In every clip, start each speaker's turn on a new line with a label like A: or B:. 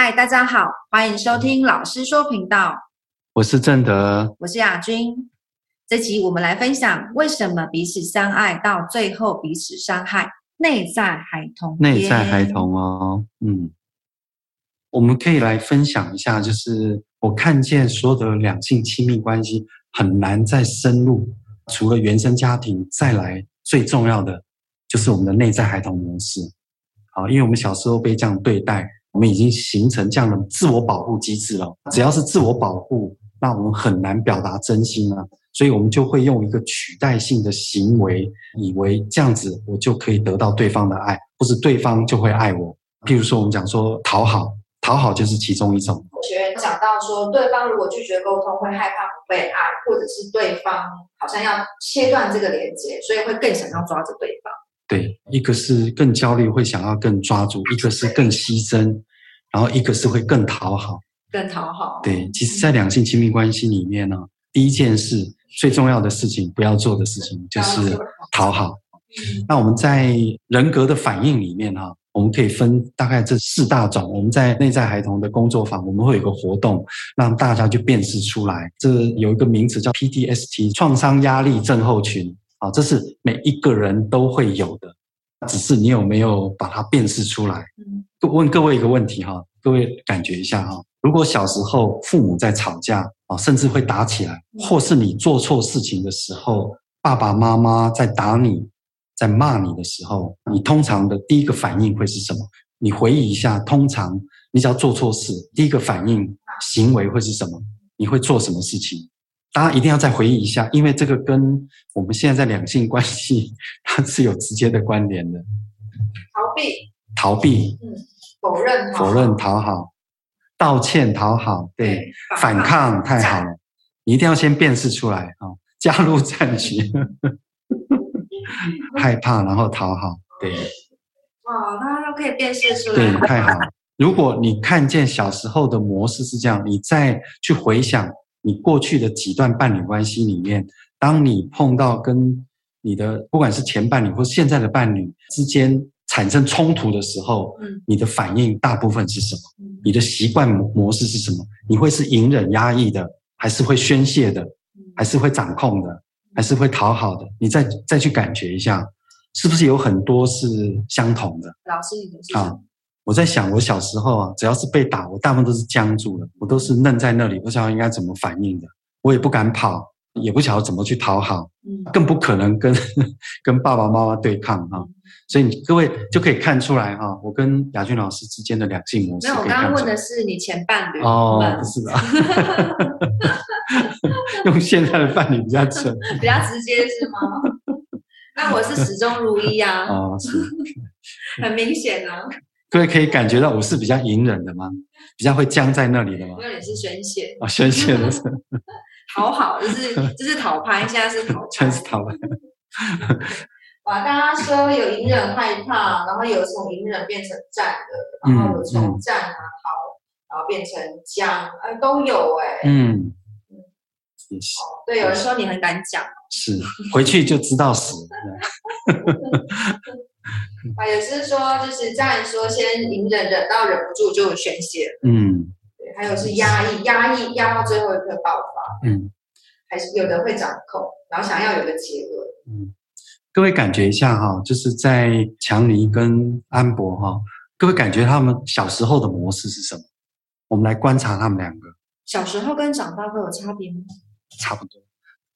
A: 嗨，大家好，歡迎收聽老師說頻道。
B: 我是正德，
A: 我是亞軍。這期我們來分享為什麼彼此相愛到最後彼此傷害，內在孩童，內在孩童
B: 哦，嗯，我們可以來分享一下，就是我看見所有的兩性親密關係很難再深入，除了原生家庭，再來最重要的就是我們的內在孩童模式，好，因為我們小時候被這樣對待。我們已經形成這樣的自我保護機制了。只要是自我保護，那我們很難表達真心啊。所以我們就會用一個取代性的行為，以為這樣子我就可以得到對方的愛，或是對方就會愛我。譬如說，我們講說討好，討好就是其中一種。學
A: 員講到說，對方如果拒絕溝通，會害怕不被愛，或者是對方好像要切斷這個連接，所以會更想要抓
B: 着對方。對，一個是更焦慮，會想要更抓住；一個是更犧牲，然後一個是會更討好。
A: 更討好。
B: 對，其實在兩性親密關係裡面呢、啊，第一件事最重要的事情，不要做的事情就是討好。嗯、那我們在人格的反應裡面呢、啊、我們可以分大概這四大種。我們在內在孩童的工作坊，我們會有個活動，讓大家去辨識出來，這有一個名詞叫 PTSD，創傷壓力症候群。好，這是每一個人都會有的，只是你有沒有把它辨識出來？嗯，問各位一個問題哈，各位感覺一下哈，如果小時候父母在吵架，甚至會打起來，或是你做錯事情的時候，爸爸媽媽在打你、在罵你的時候，你通常的第一個反應會是什麼？你回憶一下，通常你只要做錯事，第一個反應行為會是什麼？你會做什麼事情？大家一定要再回憶一下，因為這個跟我們現在在兩性關係它是有直接的關聯的。
A: 逃避，
B: 逃避，嗯，否
A: 認、哦，否認，
B: 討好，道歉，討好，對，對，反抗， 太好了，你一定要先辨識出來啊、哦，加入戰局，呵呵害怕然後討好，對，哦，
A: 那他都可以辨識出來， 對，太好
B: 了。如果你看見小時候的模式是這樣，你再去回想。你過去的幾段伴侶關係裡面，當你碰到跟你的不管是前伴侶或是現在的伴侶之間產生衝突的時候，嗯、你的反應大部分是什麼？嗯、你的習慣模式是什麼？你會是隱忍壓抑的，還是會宣洩的，嗯、還是會掌控的，嗯、還是會討好的？你再再去感覺一下，是不是有很多是相同的？
A: 老師，你謝謝啊。
B: 我在想，我小時候啊，只要是被打，我大部分都是僵住了，我都是愣在那裡，不知道應該怎麼反應的。我也不敢跑，也不曉得怎麼去討好，嗯、更不可能跟跟爸爸媽媽對抗哈、啊。嗯、所以，你各位就可以看出來哈、啊，我跟雅君老師之間的兩性模式。沒有。那我剛剛
A: 問的是你前伴侶哦，不
B: 是吧？ 用現在的伴侶比較直，比較直接是嗎？
A: 那我是始終如一呀、啊，哦，是。 很明顯呢、啊。
B: 各位可以感覺到我是比較隱忍的嗎？比較會僵在那裡的嗎？
A: 因為你是宣洩啊、哦，宣洩的
B: 是
A: 討好，就是就是討拍，現在是討拍，全是討拍。 哇，大家說有隱忍害怕，然後有從隱忍變成戰
B: 的，嗯、然後有從
A: 戰啊討，然後變成僵，呃、哎，都有哎、欸。
B: 嗯，也是。
A: 對，有時候你很敢講，
B: 是回去就知道死。
A: 啊，也是說，就是家人說先忍，先隱忍忍到忍不住就有宣洩。嗯，對，還有是壓抑，壓抑壓到最後一刻爆發。嗯，還是有的會掌控，然後想要有個結論。嗯，
B: 各位感覺一下哈，就是在強尼跟安柏哈,各位感覺他們小時候的模式是什麼？我們來觀察他們兩個，
A: 小時候跟長大會有差別嗎？
B: 差不多。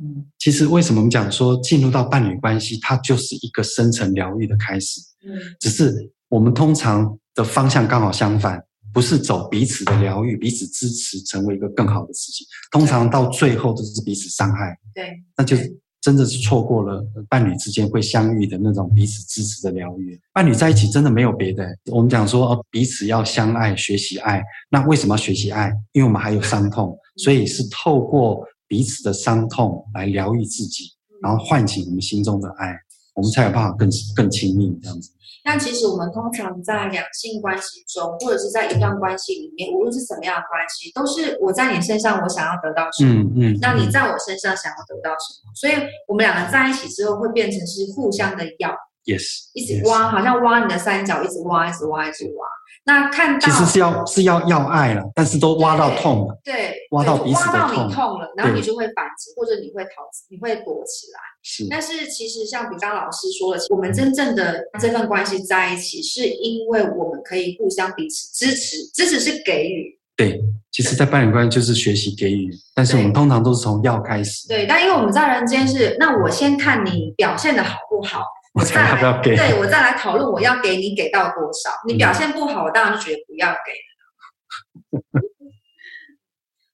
B: 嗯，其實為什麼我們講說進入到伴侶關係，它就是一個深層療癒的開始。嗯，只是我們通常的方向剛好相反，不是走彼此的療癒、彼此支持，成為一個更好的自己。通常到最後都是彼此傷害。
A: 對，
B: 那就真的是錯過了伴侶之間會相遇的那種彼此支持的療癒。伴侶在一起真的沒有別的。我們講說彼此要相愛、學習愛，那為什麼要學習愛？因為我們還有傷痛，所以是透過。彼此的傷痛來療癒自己，嗯、然後喚醒我們心中的愛，我們才有辦法更更親密這樣子。
A: 但其實我們通常在兩性關係中，或者是在一段關係裡面，無論是什麼樣的關係，都是我在你身上我想要得到什麼，嗯嗯，嗯，那你在我身上想要得到什麼？嗯、所以我們兩個在一起之後會變成是互相的
B: 藥，yes，一直挖，yes.
A: 好像挖你的三角，一直挖，一直挖，一直挖。那看到其實是
B: 要、哦、是要要愛了，但是都挖到痛了，對，
A: 對，挖到挖到你痛了，對，然後你就會反擊，或者你會逃，你會躲起來。是，但是其實像比剛剛老師說了，我們真正的這份關係在一起，是因為我們可以互相彼此支持，支持是給予。
B: 對，其實，在伴侶關係就是學習給予，但是我們通常都是從要開始。對，
A: 對，但因為我們在人間是，那我先看你表現的好不好。
B: 我，要不要給我再來，對我再
A: 來討論，我要給你給到多少？你表現不好，嗯、我當然覺得不要給。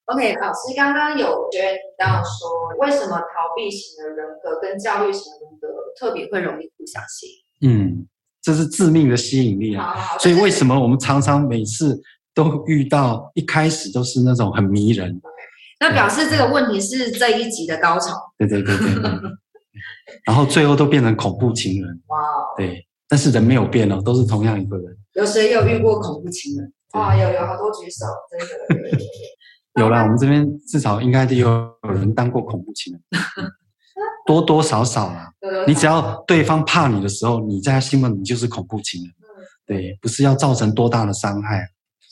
A: OK，老師剛剛有學員提到說，為什麼逃避型的人格跟焦慮型的人格特別會容易不相信？
B: 嗯，這是致命的吸引力啊！所以為什麼我們常常每次都遇到，一開始都是那種很迷人
A: ？Okay, 那表示這個問題是這一集的高潮。嗯、對，
B: 對對對對。 然後最後都變成恐怖情人，哇！Wow. 對，但是人沒有變哦，都是同樣一個人。有誰
A: 有遇過恐怖情人？嗯、哇，有有好多舉手，真
B: 的。 有啦啦，我們然這邊至少應該有有人當過恐怖情人，多多少少啊。 對你只要對方怕你的時候，你在他心目裡就是恐怖情人。嗯、對，不是要造成多大的傷害，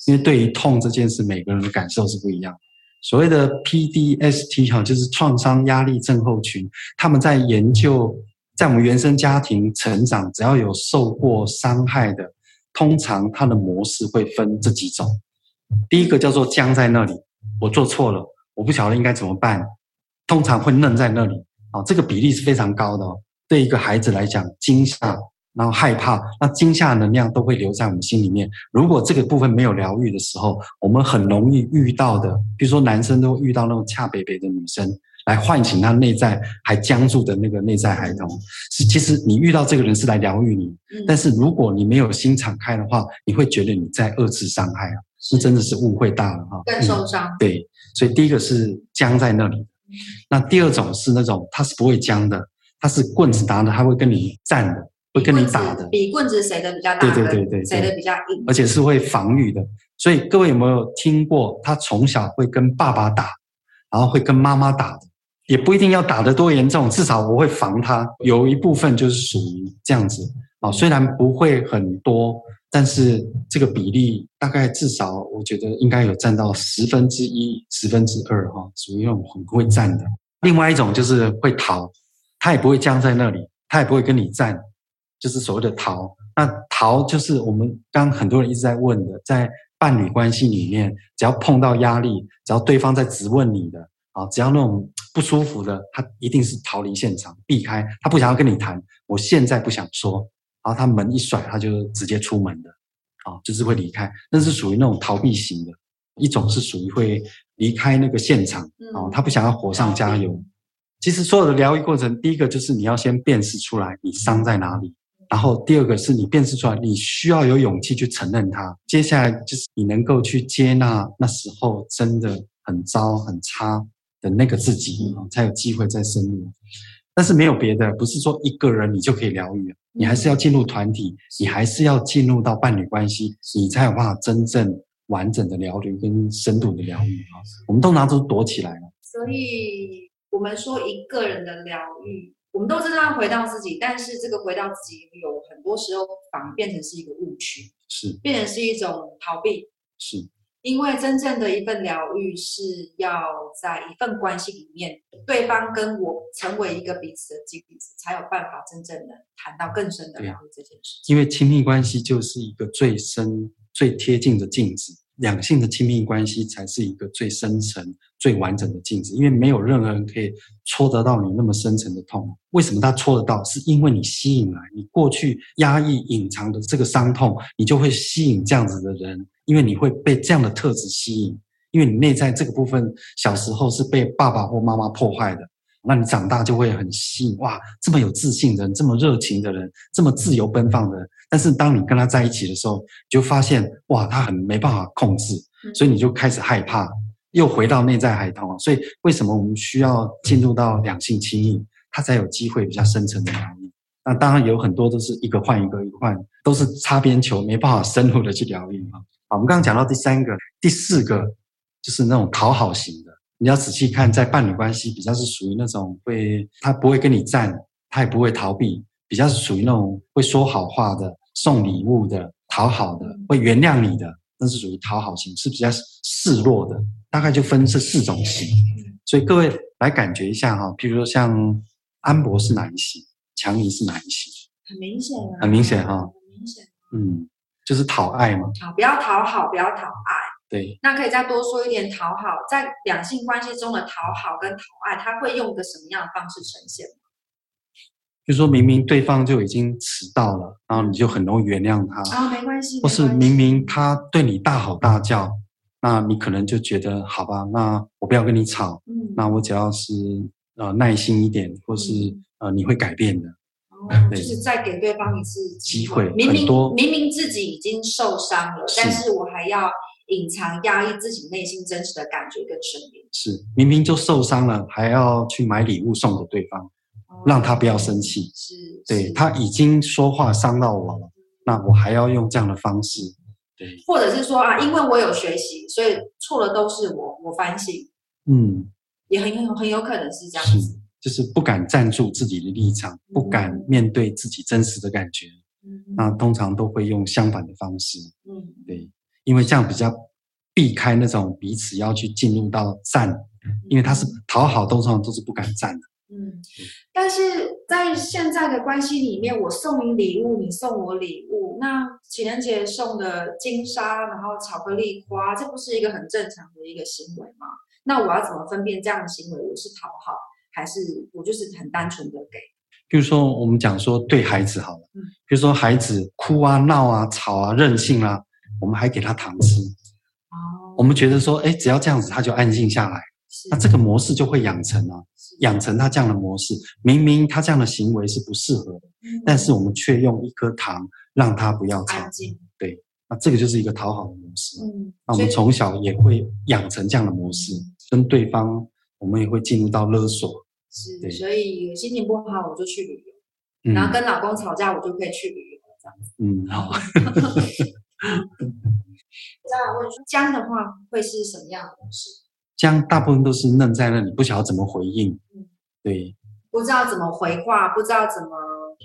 B: 因為對於痛這件事，每個人的感受是不一樣所謂的 PDST 哈，就是創傷壓力症候群。他們在研究，在我們原生家庭成長，只要有受過傷害的，通常他的模式會分這幾種。第一個叫做僵在那裡，我做錯了，我不曉得應該怎麼辦，通常會愣在那裡啊。這個比例是非常高的，對一個孩子來講，驚嚇。然後害怕，那驚嚇的能量都會留在我們心裡面。如果這個部分沒有療癒的時候，我們很容易遇到的，比如說男生都會遇到那種恰北北的女生，來喚醒他內在還僵住的那個內在孩童。是，其實你遇到這個人是來療癒你，嗯、但是如果你沒有心敞開的話，你會覺得你在二次傷害啊，是真的是誤會大了哈，更受傷、嗯。對，所以第一個是僵在那裡，那第二種是那種他是不會僵的，他是棍子打的，他會跟你戰的。會跟你打的，比
A: 棍子誰的比較大？對對對對，誰的比較硬？而且
B: 是會防禦的。所以各位有沒有聽過？他從小會跟爸爸打，然後會跟媽媽打的，也不一定要打得多嚴重，至少我會防他。有一部分就是屬於這樣子啊、哦，雖然不會很多，但是這個比例大概至少我覺得應該有佔到十分之一、十分之二哈，屬於那種很會戰的。另外一種就是會逃，他也不會僵在那裡，他也不會跟你戰。就是所謂的逃，那逃就是我們剛很多人一直在問的，在伴侶關係裡面，只要碰到壓力，只要對方在質問你的啊，只要那種不舒服的，他一定是逃離現場，避開，他不想要跟你談，我現在不想說，然後他門一甩，他就直接出門的，啊，就是會離開，那是屬於那種逃避型的，一種是屬於會離開那個現場啊，他不想要火上加油。嗯。其實所有的療癒過程，第一個就是你要先辨識出來你傷在哪裡。然後第二個是你辨識出來，你需要有勇氣去承認他。接下來就是你能夠去接納那時候真的很糟、很差的那個自己，嗯、才有機會再深入。但是沒有別的，不是說一個人你就可以療癒，你還是要進入團體，嗯、你還是要進入到伴侶關係，是你才有辦法真正完整的療癒跟深度的療癒、嗯、我們都拿出躲起來了。所
A: 以我們說一個人的療癒。我們都知道要回到自己，但是這個回到自己有很多時候反而變成是一個誤區，是變成是一種逃避。是，因為真正的一份療癒是要在一份關係裡面，對方跟我成為一個彼此的鏡子，才有辦法真正的談到更深的療癒這件事。對啊，
B: 因為親密關係就是一個最深、最貼近的鏡子。兩性的親密關係才是一個最深層、最完整的鏡子，因為沒有任何人可以戳得到你那麼深層的痛。為什麼他戳得到？是因為你吸引來你過去壓抑、隱藏的這個傷痛，你就會吸引這樣子的人，因為你會被這樣的特質吸引，因為你內在這個部分小時候是被爸爸或媽媽破壞的。那你長大就會很吸引哇，這麼有自信的人，這麼熱情的人，這麼自由奔放的人。但是當你跟他在一起的時候，就發現哇，他很沒辦法控制，所以你就開始害怕，又回到內在孩童。所以為什麼我們需要進入到兩性親密，他才有機會比較深層的療癒？那當然有很多都是一個換一個，一個換都是擦邊球，沒辦法深入的去療癒啊。好，我們剛剛講到第三個、第四個，就是那種討好型的。你要仔細看，在伴侶關係比較是屬於那種會，他不會跟你戰，他也不會逃避，比較是屬於那種會說好話的、送禮物的、討好的、會原諒你的，那是屬於討好型，是比較示弱的，大概就分這四種型。所以各位來感覺一下哈，譬如說像安柏是哪一型，強尼是哪一型？
A: 很明顯啊。很明顯
B: 哈、啊。很明顯。嗯，就是討愛嘛。好，
A: 不要討好，不要討愛。
B: 對，那
A: 可以再多說一點討好在兩性關係中的討好跟討愛，他會用個什麼樣的方式呈現嗎？
B: 就是說明明對方就已經遲到了，然後你就很容易原諒他啊，哦，沒關係。
A: 沒關係或是
B: 明明他對你大吼大叫，那你可能就覺得好吧，那我不要跟你吵，嗯，那我只要是呃耐心一點，或是呃你會改變的，嗯對哦，就是
A: 再給對方一次
B: 機會。明明多
A: 明明自己已經受傷了，是但是我還要。隱藏壓抑自己內心真實的感覺跟聲
B: 音，是明明就受傷了，還要去買禮物送給對方，讓他不要生氣。是對他已經說話傷到我了，那我還要用這樣的方式？
A: 對，或者是說啊，因為我有學習，所以錯的都是我，我反省。嗯，也很有很有可能是這樣子，
B: 就是不敢站住自己的立場，不敢面對自己真實的感覺。嗯，那通常都會用相反的方式。嗯，對。因為這樣比較避開那種彼此要去進入到戰，嗯、因為他是討好，動作都是不敢戰的。嗯，
A: 但是在現在的關係裡面，我送你禮物，你送我禮物，那情人節送的金莎然後巧克力、花，這不是一個很正常的一個行為嗎？那我要怎麼分辨這樣的行為，我是討好還是我就是很單純的給？
B: 比如說我們講說對孩子好了，嗯、比如說孩子哭啊、鬧啊、吵啊、任性啊。我們還給他糖吃，哦，我們覺得說，哎，只要這樣子，他就安靜下來，那這個模式就會養成啊，養成他這樣的模式。明明他這樣的行為是不適合的，但是我們卻用一顆糖讓他不要吵，對，那這個就是一個討好的模式。嗯，那我們從小也會養成這樣的模式，跟對方，我們也會進入到勒索，是，
A: 所以心情不好我就去旅
B: 遊，然後跟
A: 老公吵架我就
B: 可以去旅遊這樣子，嗯，好。
A: 僵僵 的話會是什麼樣的東
B: 西？僵，大部分都是愣在那裡，不曉得怎麼回應。嗯、對，
A: 不知道怎麼回話，不知道怎麼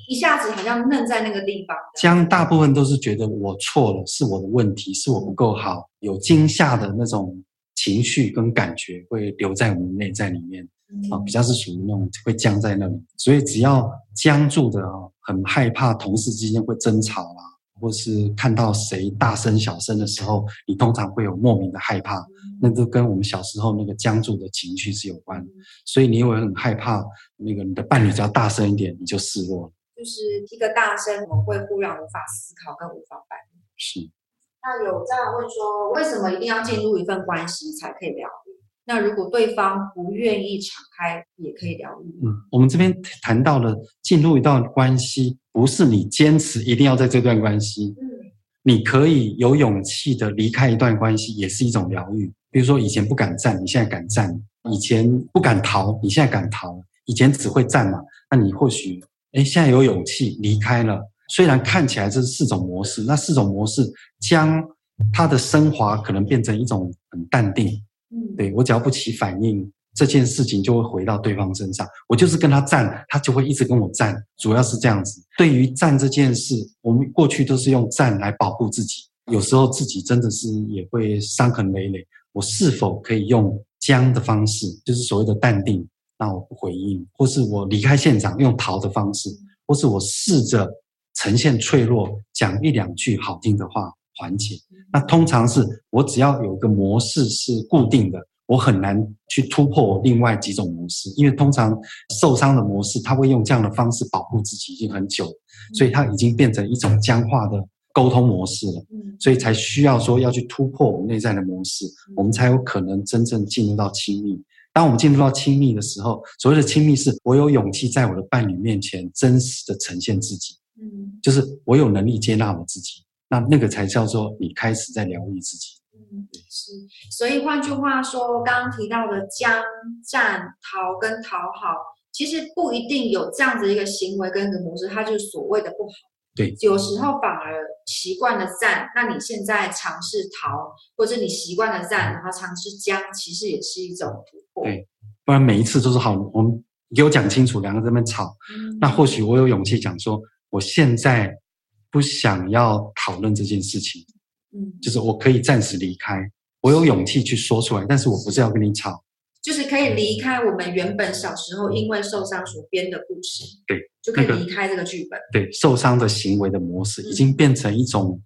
A: 一下子好像愣在那個地方。
B: 僵，大部分都是覺得我錯了，是我的問題，是我不夠好，有驚嚇的那種情緒跟感覺會留在我們內在裡面。嗯、啊，比較是屬於那種會僵在那裡，所以只要僵住的，哦、很害怕同事之間會爭吵啦，啊。或是看到誰大聲小聲的時候，你通常會有莫名的害怕，嗯、那就跟我們小時候那個僵住的情緒是有關的。嗯、所以你也會很害怕，那個你的伴侶只要大聲一點，你就示弱。
A: 就是一個大聲，我們會忽然無法思考跟無法反應。是。那有這樣問說，為什麼一定要進入一份關係才可以聊？那如果對方不願意敞開，也可以療
B: 癒。嗯，我們這邊談到了進入一段關係，不是你堅持一定要在這段關係。嗯，你可以有勇氣的離開一段關係，也是一種療癒。比如說，以前不敢站，你現在敢站；以前不敢逃，你現在敢逃；以前只會站嘛，那你或許，誒，欸，現在有勇氣離開了。雖然看起來這是四種模式，那四種模式將它的升華，可能變成一種很淡定。嗯，對，我只要不起反應，這件事情就會回到對方身上。我就是跟他戰，他就會一直跟我戰，主要是這樣子。對於戰這件事，我們過去都是用戰來保護自己，有時候自己真的是也會傷痕累累。我是否可以用僵的方式，就是所謂的淡定，那我不回應，或是我離開現場，用逃的方式，或是我試着呈現脆弱，講一兩句好聽的話。緩解，那通常是我只要有個模式是固定的，我很難去突破另外幾種模式，因為通常受傷的模式，它會用這樣的方式保護自己，已經很久，所以它已經變成一種僵化的溝通模式了，所以才需要說要去突破我們內在的模式，我們才有可能真正進入到親密。當我們進入到親密的時候，所謂的親密，是我有勇氣在我的伴侶面前真實的呈現自己，嗯，就是我有能力接納我自己。那那個才叫做你開始在療癒自己。嗯，
A: 是。所以換句話說，剛剛提到的僵、戰、逃跟討好，其實不一定有這樣子一個行為跟一個模式，它就是所謂的不好。對。有時候反而習慣了戰，那你現在嘗試逃，或者你習慣了戰，然後嘗試僵，其實也是一種突破。
B: 對，不然每一次都是好。我們你給我講清楚，兩個人在那吵。嗯，那或許我有勇氣講說，我現在。不想要討論這件事情，嗯，就是我可以暫時離開，我有勇氣去說出來，但是我不是要跟你吵，
A: 就是可以離開我們原本小時候因為受傷所編的故事，
B: 嗯、對，就可以離
A: 開這個劇本、那
B: 個，對，受傷的行為的模式已經變成一種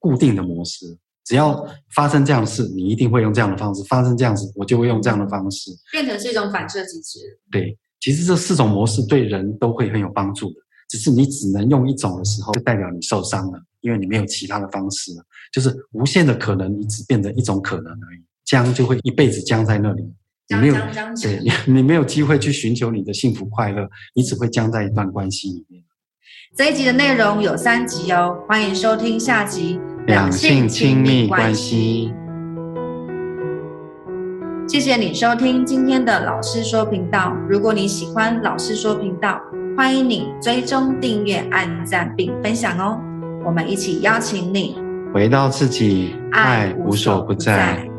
B: 固定的模式，嗯、只要發生這樣的事，你一定會用這樣的方式發生這樣子，我就會用這樣的方式，
A: 變成是一種反射機制，
B: 對，其實這四種模式對人都會很有幫助的。只是你只能用一種的時候，就代表你受傷了，因為你沒有其他的方式了。就是無限的可能，你只變成一種可能而已，僵就會一輩子僵在那裡，僵僵僵僵。你沒有，對你，你沒有機會去尋求你的幸福快樂，你只會僵在一段關係裡面。
A: 這一集的內容有三集哦，歡迎收聽下集《兩性親密關係》關係。謝謝你收聽今天的老施說頻道。如果你喜歡老施說頻道，歡迎你追蹤、訂閱、按讚並分享哦。我們一起邀請你回到，
B: 回到自己，愛無所不在。